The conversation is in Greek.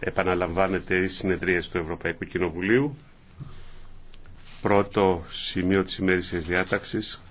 επαναλαμβάνεται οι συνεδρίες του Ευρωπαϊκού Κοινοβουλίου. Πρώτο σημείο της ημέρησης διάταξης